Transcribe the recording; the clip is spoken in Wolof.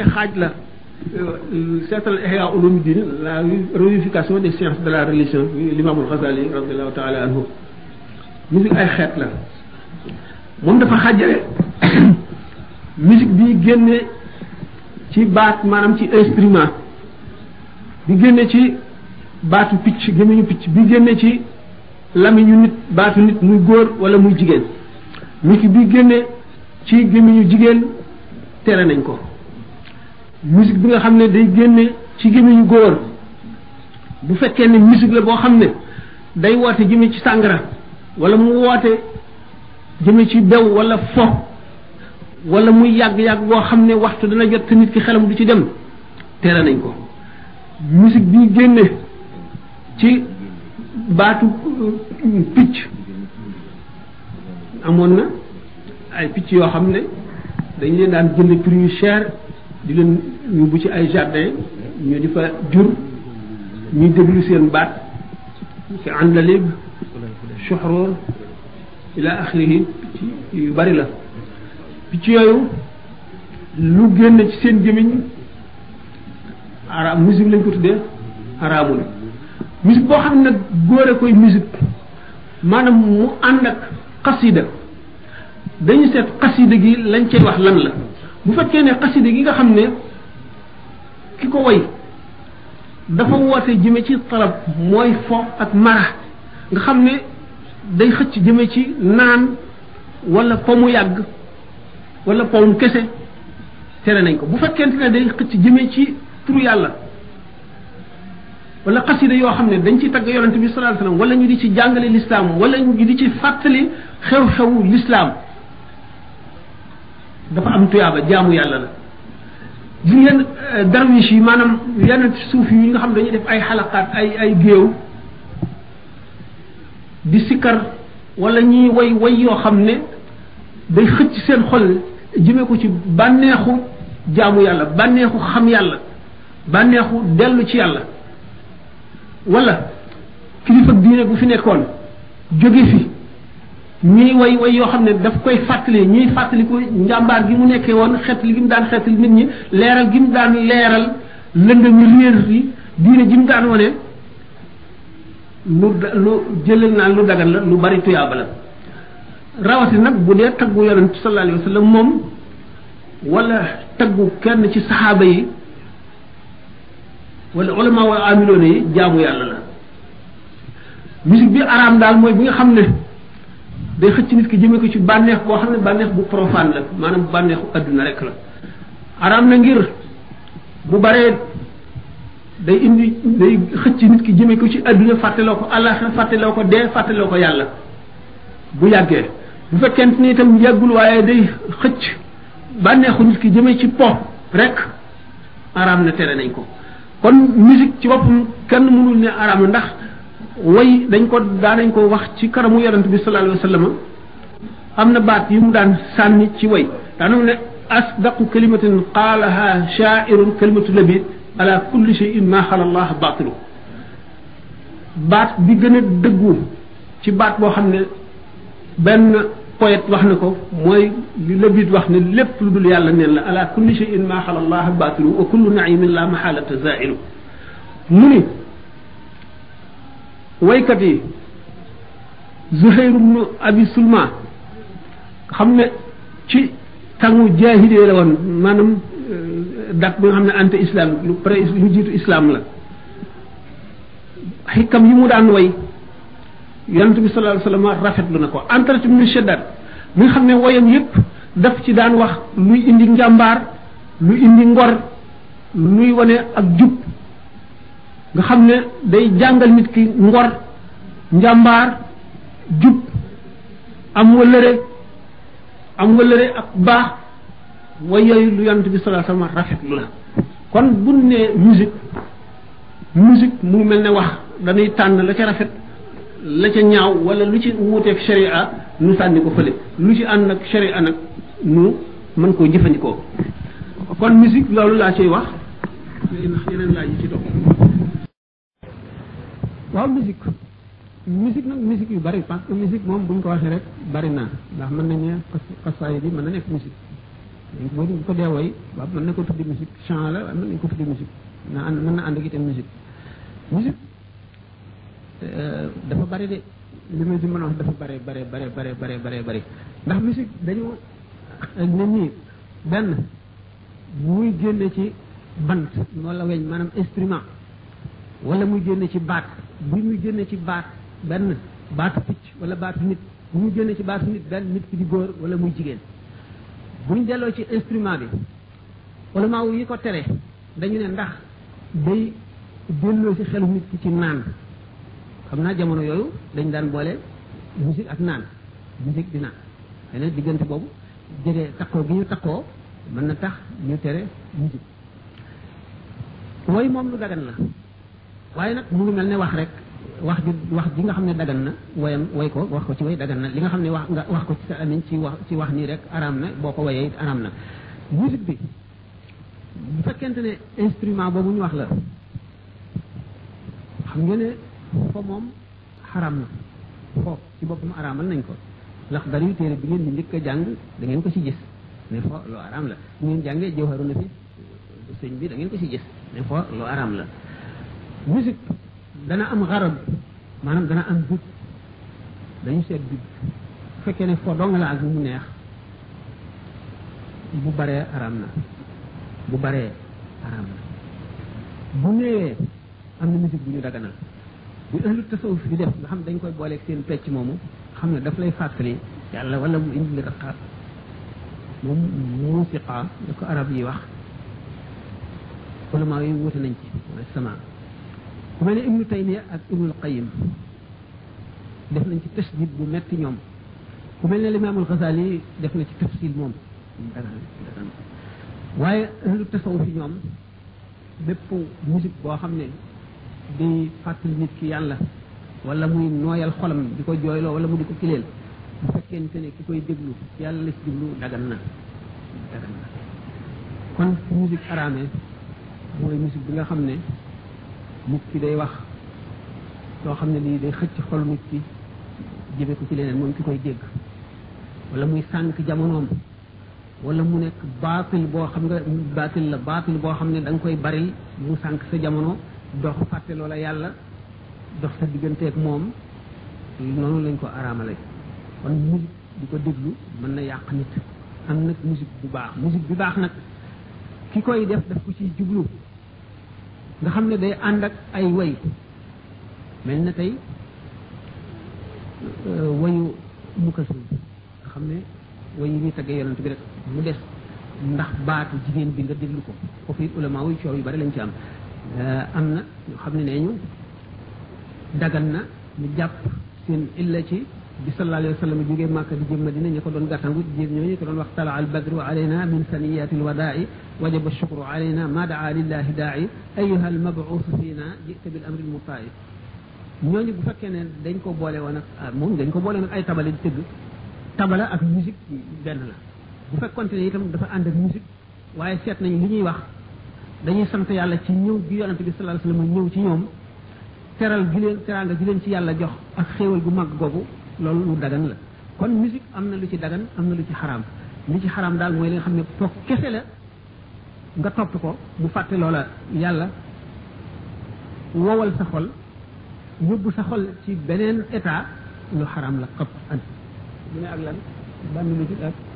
ay xaaj la seetal euh, Ihya Ulumuddin la réunification des sciences de la religion l'imam al Ghazali radiallahu taala anhu musique ay xeet la moom dafa xaajale musique bi génne ci baat maanaam ci instrument bi génne ci baatu picc gémmiñu picc bi génne ci lamiñu nit baatu nit muy góor wala muy jigéen musique bi génne ci gémmiñu jigéen tere nañ ko musique bi nga xam ne day génne ci gémmiñu góor bu fekkee ne musique la boo xam ne day woote jëme ci sàngara wala mu woote jëmme ci dew wala fo wala muy yàgg-yàgg boo xam ne waxtu dana jot te nit ki xelam du ci dem tere nañ ko musique bi génne ci baatu euh, picc amoon na ay picc yoo xam ne dañ leen daan jënd prix cher di leen bu ci ay jardin ñu di fa jur ñuy déglu seen baat ci àndalib soxroor ila axirihi yu bari la picc yooyu lu génn ci seen gémmiñ araam musique lañ ko tuddee araamul musique boo xam ne nag góore koy musique maanaam mu ànd ak xasida dañu seet xasida gi lañ cay wax lan la bu fekkee ne xaside yi nga xam ne ki ko woy dafa woote jëme ci talab mooy fo ak mara nga xam ne day xëcc jëme ci naan wala po mu yàgg walla po kese tere nañ ko bu fekkente ne day xëcc jëme ci turu yàlla wala xasida yoo xam ne dañ ci tagg yonante bi sallallahu alayhi wasallam wala ñu di ci jàngale lislaam wala ñu di ci fàttali xew-xewu lislaam dafa am tuyaaba jaamu yàlla la gis ngeen euh, darwish yi maanaam yenn suuf yi nga xam dañuy def ay xalaqaat ay ay géew di sikkar walla ñuy way way yoo xam ne day xëcc seen xol jëmee ko ci bànneexu jaamu yàlla bànneexu xam yàlla bànneexu dellu ci yàlla wala kilifa diine bu fi nekkoon jóge fi ñuy way way yoo xam ne daf koy fàttali ñuy fàttaliku njàmbaar gi mu nekkee woon li gi mu daan xeetali nit ñi leeral gi mu daan leeral lëndami réer yi diine ji mu daan wane lu lu jëlal naa lu dagan la lu bari tuyaaba la rawati nag bu dee taggu yonent sallallahu alayhi wa sallam moom wala taggu kenn ci saxaaba yi wala ulama wala amiloona yi jaamu yàlla la musique bi araam daal mooy bi nga xam ne day xëcc nit ki jëmee ko ci bànneex koo xam ne bànneex bu profane la maanaam bànneexu àdduna rek la araam na ngir bu baree day indi day xëcc nit ki jëme ko ci àdduna fàttaloo ko àllaaxira fàttaloo ko dee fàttaloo ko yàlla bu yàggee bu fekkente ni itam yàggul waaye day xëcc bànneexu nit ki jëme ci po rek araam na tere nañ ko kon musique ci boppam kenn mënul ne araam ndax way dañ ko daanañ ko wax ci kanamu yonent bi sallallahu alayhi wa am na baat yu mu daan sànni ci way daanam ne asdaqu kalimatin qaalaha shaairun kalimatu labid ala kulli cheyin ma allah baatilu baat bi gën a dëggu ci baat boo xam ne benn poète wax na ko mooy li wax ne lépp lu dul yàlla neen la ala kulli cheyin ma xala allah baatilu wa kullu naimin la mahalata zailu mu ni waykat yi Zuhayr ibnu Abi Sulma xam ne ci tàngu jaahiliya la woon maanaam euh, dat bi nga xam ne ante islam lu pré lu jiitu islam la xikam yi mu daan way yonent bi sallallahu alayhi wasallam rafetlu na ko entretien mu sheddat mi nga xam ne woyam yépp daf ci daan wax luy indi njàmbaar lu indi ngor luy wane ak jub nga xam ne day jàngal nit ki ngor njàmbaar jub am wëllëre am wëllëre ak baax way yooyu lu yonent bi sallallahu alayhi wasallam rafetlu la kon buñ ne musique mu ngi mel ne wax dañuy tànn la ca rafet la ca ñaaw wala lu ci wuuteeg sharia nu sànni ko fële lu ci ànd ak sharia nag nu mën koo jëfandikoo kon musique loolu laa ciy wax yeneen laaj yi ci topp waaw musique musique nag musique yu bari parce que musique moom buñ ko waxee rek bari na ndax mën nañu xasaay bi mën na nekk musique donc boo ko dee woy waaw mën na la waaye mën nañu ko tuddi musique na ànd mën na ànd ak itam musique euh, dafa bari de li ma ci dafa bari bari bari bari bari bari bari ndax musique dañu nit ñi benn muy génne ci bant la weñ maanaam instrument wala muy génne ci baat bi muy génne ci baat benn baatu picc wala baatu nit bu mu génne ci baatu nit benn nit ki di góor wala muy jigéen buñ delloo ci instrument bi ulama wu yi ko tere dañu ne ndax day delloo ci xelu nit ki ci naan xam naa jamono yooyu dañ daan boole musique ak naan musique di naan xëy diggante boobu jege takkoo gi ñu takkoo mën na tax ñu tere musique woy moom lu dagan la waaye nag mu ngi mel ni wax rek wax ju wax ji nga xam ne dagan na wayam way ko wax ko ci way dagan na li nga xam ne wax nga ko ci sa amiñ ci wax ci wax nii rek araam na boo ko wayee araam na musique bi bu fekkente ne instrument boobu ñu wax la xam nga ne fo moom xaraam na fo ci boppam araamal nañ ko ndax bari téere bi ngeen di njëkk a jàng da ngeen ko ci gis ne fo lu araam la bu ngeen jàngee na fi sëñ bi da ko ci gis ne fo araam la dana am xaram maanaam dana am dugg dañu seet dugg bu fekkee ne fo dong la ak mu neex bu baree xaram na bu baree xaram na bu néewee am na musique bu ñu daganal bu ahlu tasawuf bi def nga xam dañ koy booleeg seen pecc moomu xam ne daf lay fàttali yàlla wala mu indi la raqaat moom musiqa da ko arab yi wax ulama yi wute nañ ci sama ku mel ne ibnu taymiya ak ibnul qayim def nañ ci tasdid bu metti ñoom ku mel ne limaamul xasaali def na ci tafsil moom waaye lu tasawuf fi ñoom bépp musique boo xam ne di fàttali nit ki yàlla wala muy nooyal xolam di ko jooyloo wala mu di ko kileel bu fekkente ne ki koy déglu yàlla la ci déglu dagan na kon musique araame mooy musique bi nga xam ne mukki day wax soo xam ne lii day xëcc xol nit ki jëme ko ci leneen moom ki koy dégg wala muy sànk jamonoom wala mu nekk baatil boo xam nga baatil la baatil boo xam ne da koy baril mu sànk sa jamono dox fàtte loola yàlla dox sa digganteeg moom noonu lañ ko araamale kon musique di ko déglu mën na yàq nit am nag musique bu baax musique bu baax nag ki koy def daf ko ciy jublu nga xam ne day ànd ak ay way mel na tey euh, wayu mukasim nga xam ne way taggee yonent bi rek mu des ndax baatu jigéen bi nga déglu ko foofu it ulama coow yu bari lañ ci am euh, am na ñoo xam ne nee ñu dagan na ñu jàpp seen illa ci bi sallallahu alayhi wa sallam jógee màkka di jëm madina ñu ko doon gàttangu jéeg ñooñu ko doon wax tala al badru alayna min saniyati lwadaa'i wajaba shukru alayna ma daa lillahi daa'i ayuha al mabuusu fiina jita bil amri lmutaa'i ñooñu bu fekkee ne dañ ko boole woon ak moom dañ ko boole woon ak ay tabale di tëgg tabala ak musique benn la bu fekkonte ne itam dafa ànd ak musique waaye seet nañu li ñuy wax dañuy sant yàlla ci ñëw gi yonante bi sallallahu alayhi wa sallam ñëw ci ñoom teral gi leen teraanga gi leen ci yàlla jox ak xéewal gu mag googu loolu lu dagan la kon musique am na lu ci dagan am na lu ci xaraam li ci xaram daal mooy li nga xam ne toog kese la nga topp ko bu fàtte loola yàlla wowal sa xol yóbbu sa xol ci beneen état lu xaraam la topp an mu ne ak lan bànn musique ak